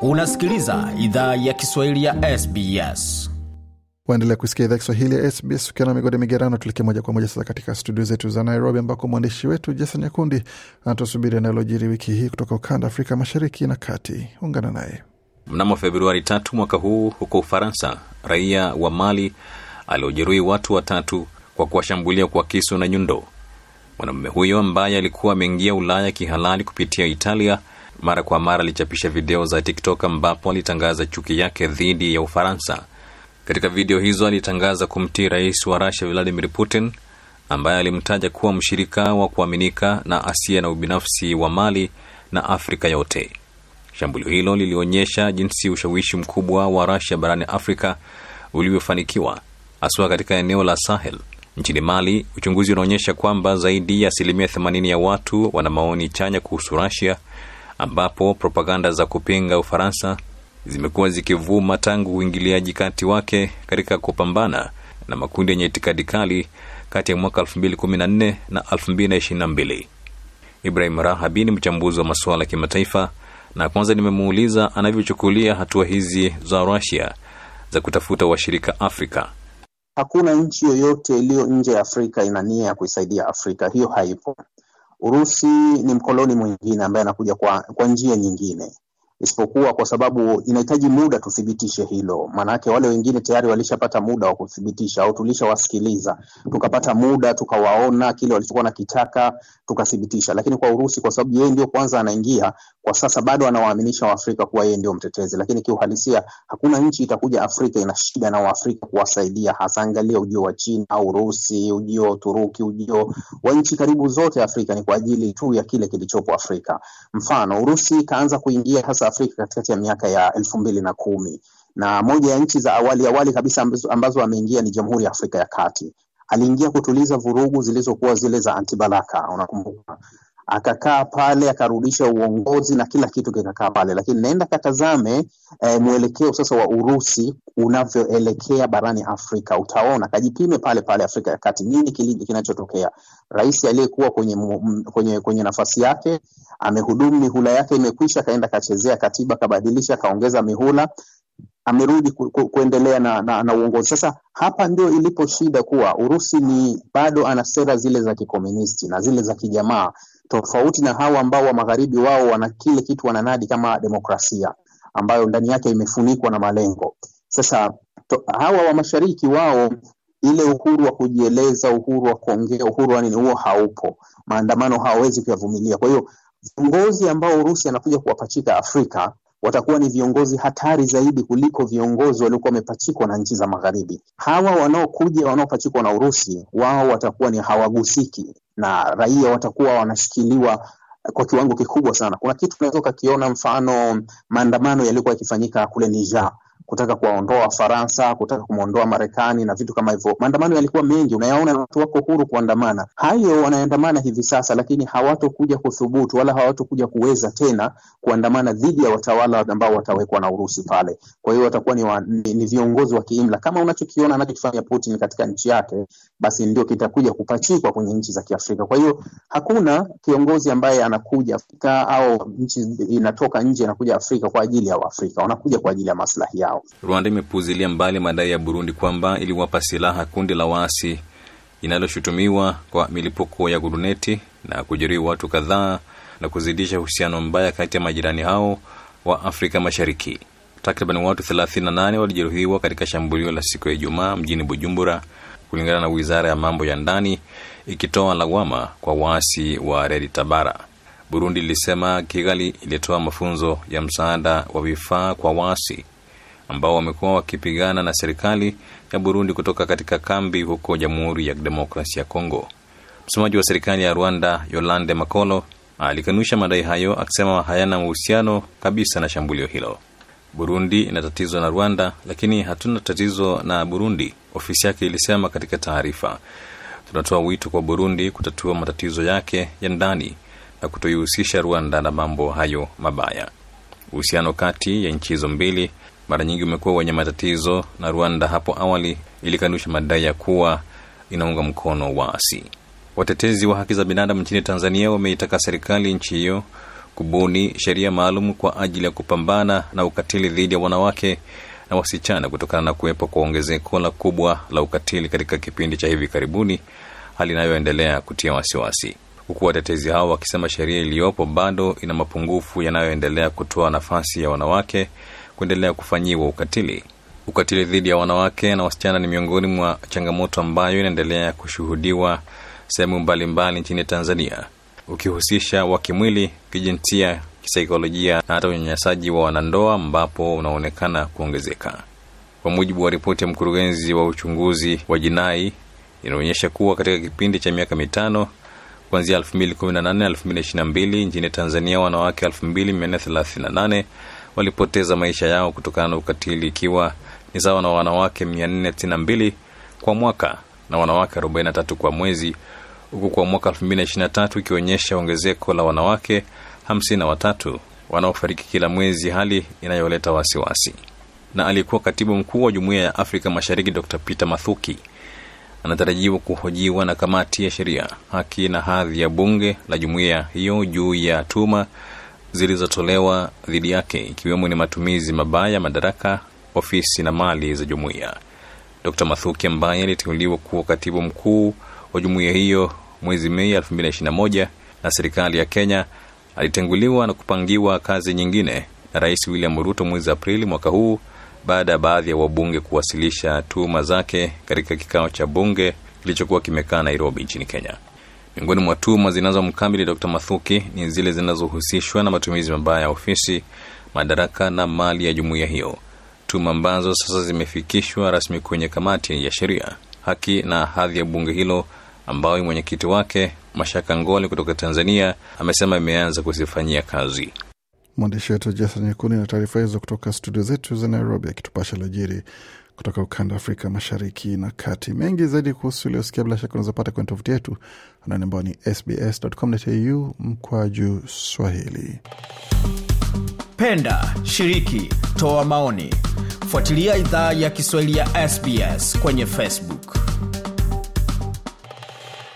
unasikiliza idhaa ya kiswahili ya sbs waendelea kusikia idhaa kiswahili ya SBS ukiwa na migode migerano. Tulikie moja kwa moja sasa katika studio zetu za Nairobi, ambako mwandishi wetu Jason Nyakundi anatosubiri analojiri wiki hii kutoka ukanda Afrika mashariki na kati. Ungana naye. Mnamo Februari tatu mwaka huu, huko Ufaransa, raia wa Mali aliojeruhi watu watatu kwa kuwashambulia kwa kisu na nyundo. Mwanamume huyo ambaye alikuwa ameingia Ulaya kihalali kupitia Italia mara kwa mara alichapisha video za TikTok ambapo alitangaza chuki yake dhidi ya Ufaransa. Katika video hizo alitangaza kumtii rais wa Rusia Vladimir Putin ambaye alimtaja kuwa mshirika wa kuaminika na asiye na ubinafsi wa Mali na Afrika yote. Shambulio hilo lilionyesha jinsi ushawishi mkubwa wa rasia barani Afrika ulivyofanikiwa haswa katika eneo la Sahel. Nchini Mali, uchunguzi unaonyesha kwamba zaidi ya asilimia 80 ya watu wana maoni chanya kuhusu Russia ambapo propaganda za kupinga Ufaransa zimekuwa zikivuma tangu uingiliaji kati wake katika kupambana na makundi yenye itikadi kali kati ya mwaka 2014 na 2022. Ibrahim Rahabi ni mchambuzi wa masuala ya kimataifa na kwanza nimemuuliza anavyochukulia hatua hizi za Russia za kutafuta washirika Afrika. Hakuna nchi yoyote iliyo nje ya Afrika ina nia ya kuisaidia Afrika, hiyo haipo. Urusi ni mkoloni mwingine ambaye anakuja kwa, kwa njia nyingine isipokuwa kwa sababu inahitaji muda tuthibitishe hilo. Maanake wale wengine tayari walishapata muda wa kuthibitisha, au tulishawasikiliza tukapata muda tukawaona kile walichokuwa na tukathibitisha. Lakini kwa Urusi, kwa sababu yeye ndio kwanza anaingia, kwa sasa bado anawaaminisha Waafrika kuwa yeye ndio mtetezi, lakini kiuhalisia hakuna nchi itakuja Afrika ina shida na Waafrika kuwasaidia, hasa angalia ujio wa China au Urusi, ujio wa Uturuki, ujio wa nchi karibu zote Afrika ni kwa ajili tu ya kile kilichopo Afrika. Mfano, Urusi ikaanza kuingia hasa Afrika katikati ya miaka ya elfu mbili na kumi na moja ya nchi za awali awali kabisa ambazo ameingia ni Jamhuri ya Afrika ya Kati. Aliingia kutuliza vurugu zilizokuwa zile za Antibalaka, unakumbuka? akakaa pale akarudisha uongozi na kila kitu kikakaa pale, lakini naenda katazame eh, mwelekeo sasa wa Urusi unavyoelekea barani Afrika. Utaona kajipime pale pale Afrika ya Kati, nini kinachotokea. Rais aliyekuwa kwenye, kwenye, kwenye nafasi yake amehudumu, mihula yake imekwisha, akaenda kachezea katiba, kabadilisha, kaongeza mihula amerudi ku, ku, kuendelea na, na, na uongozi. Sasa hapa ndio ilipo shida, kuwa Urusi ni bado ana sera zile za kikomunisti na zile za kijamaa tofauti na hawa ambao wa magharibi, wao wana kile kitu wananadi kama demokrasia ambayo ndani yake imefunikwa na malengo. Sasa to, hawa wa mashariki wao ile uhuru wa kujieleza, uhuru wa kuongea, uhuru wa nini, huo haupo. Maandamano hawawezi kuyavumilia. Kwa hiyo viongozi ambao Urusi anakuja kuwapachika Afrika watakuwa ni viongozi hatari zaidi kuliko viongozi waliokuwa wamepachikwa na nchi za magharibi. Hawa wanaokuja wanaopachikwa na Urusi, wao watakuwa ni hawagusiki na raia watakuwa wanashikiliwa kwa kiwango kikubwa sana. Kuna kitu unaweza ukakiona, mfano maandamano yaliyokuwa yakifanyika kule Niger kutaka kuwaondoa Wafaransa, kutaka kumwondoa Marekani na vitu kama hivyo. Maandamano yalikuwa mengi, unayaona watu wako huru kuandamana. Hayo wanaandamana hivi sasa, lakini hawatokuja kuthubutu wala hawatokuja kuweza tena kuandamana dhidi ya watawala ambao watawekwa na Urusi pale. Kwa hiyo watakuwa ni, wa, ni, ni viongozi wa kiimla kama unachokiona anachokifanya Putin katika nchi yake, basi ndio kitakuja kupachikwa kwenye nchi za Kiafrika. Kwa hiyo hakuna kiongozi ambaye anakuja Afrika au nchi inatoka nje inakuja Afrika kwa ajili ya Waafrika, wanakuja kwa ajili ya maslahi yao. Rwanda imepuzilia mbali madai ya Burundi kwamba iliwapa silaha kundi la waasi inaloshutumiwa kwa milipuko ya guruneti na kujeruhi watu kadhaa na kuzidisha uhusiano mbaya kati ya majirani hao wa Afrika Mashariki. Takriban watu 38 walijeruhiwa katika shambulio la siku ya Ijumaa mjini Bujumbura, kulingana na wizara ya mambo ya ndani, ikitoa lawama kwa waasi wa Redi Tabara. Burundi ilisema Kigali ilitoa mafunzo ya msaada wa vifaa kwa waasi ambao wamekuwa wakipigana na serikali ya Burundi kutoka katika kambi huko Jamhuri ya demokrasia ya Kongo. Msemaji wa serikali ya Rwanda Yolande Makolo alikanusha madai hayo akisema hayana uhusiano kabisa na shambulio hilo. Burundi ina tatizo na Rwanda, lakini hatuna tatizo na Burundi, ofisi yake ilisema katika taarifa. Tunatoa wito kwa Burundi kutatua matatizo yake ya ndani na kutoihusisha Rwanda na mambo hayo mabaya. Uhusiano kati ya nchi hizo mbili mara nyingi umekuwa wenye matatizo na Rwanda hapo awali ilikanusha madai ya kuwa inaunga mkono waasi. Watetezi wa haki za binadamu nchini Tanzania wameitaka serikali nchi hiyo kubuni sheria maalum kwa ajili ya kupambana na ukatili dhidi ya wanawake na wasichana kutokana na kuwepo kwa ongezeko la kubwa la ukatili katika kipindi cha hivi karibuni, hali inayoendelea kutia wasiwasi, huku watetezi hao wakisema sheria iliyopo bado ina mapungufu yanayoendelea kutoa nafasi ya wanawake kuendelea kufanyiwa ukatili. Ukatili dhidi ya wanawake na wasichana ni miongoni mwa changamoto ambayo inaendelea kushuhudiwa sehemu mbalimbali nchini Tanzania, ukihusisha wa kimwili, kijinsia, kisaikolojia na hata unyanyasaji wa wanandoa ambapo unaonekana kuongezeka. Kwa mujibu wa ripoti ya mkurugenzi wa uchunguzi wa jinai, inaonyesha kuwa katika kipindi cha miaka mitano kuanzia 2018-2022 nchini Tanzania, wanawake 2438 walipoteza maisha yao kutokana na ukatili ikiwa ni sawa na wanawake 492 kwa mwaka na wanawake 43 kwa mwezi huku kwa mwaka 2023 ikionyesha ongezeko la wanawake 53 wanaofariki kila mwezi, hali inayoleta wasiwasi. Na aliyekuwa katibu mkuu wa Jumuiya ya Afrika Mashariki Dr. Peter Mathuki anatarajiwa kuhojiwa na kamati ya sheria, haki na hadhi ya bunge la jumuiya hiyo juu ya tuma zilizotolewa dhidi yake ikiwemo ni matumizi mabaya madaraka, ofisi na mali za jumuiya. Dr Mathuki ambaye aliteuliwa kuwa katibu mkuu wa jumuiya hiyo mwezi Mei 221 na serikali ya Kenya alitenguliwa na kupangiwa kazi nyingine na Rais William Ruto mwezi Aprili mwaka huu baada ya baadhi ya wabunge kuwasilisha tuhuma zake katika kikao cha bunge kilichokuwa kimekaa Nairobi nchini Kenya. Miongoni mwa tuma zinazomkabili d Mathuki ni zile zinazohusishwa na matumizi mabaya ya ofisi, madaraka na mali ya jumuiya hiyo, tuma ambazo sasa zimefikishwa rasmi kwenye kamati ya sheria, haki na hadhi ya bunge hilo ambayo mwenyekiti wake Mashaka Ngole kutoka Tanzania amesema imeanza kuzifanyia kazi. Mwandishi wetu Jason Nyekuni na taarifa hizo kutoka studio zetu za Nairobi akitupasha lajiri kutoka ukanda wa Afrika mashariki na kati. Mengi zaidi kuhusu uliosikia, bila shaka unazopata kwenye tovuti yetu anani ambao ni sbs.com.au mkwaju swahili. Penda, shiriki, toa maoni, fuatilia idhaa ya Kiswahili ya SBS kwenye Facebook.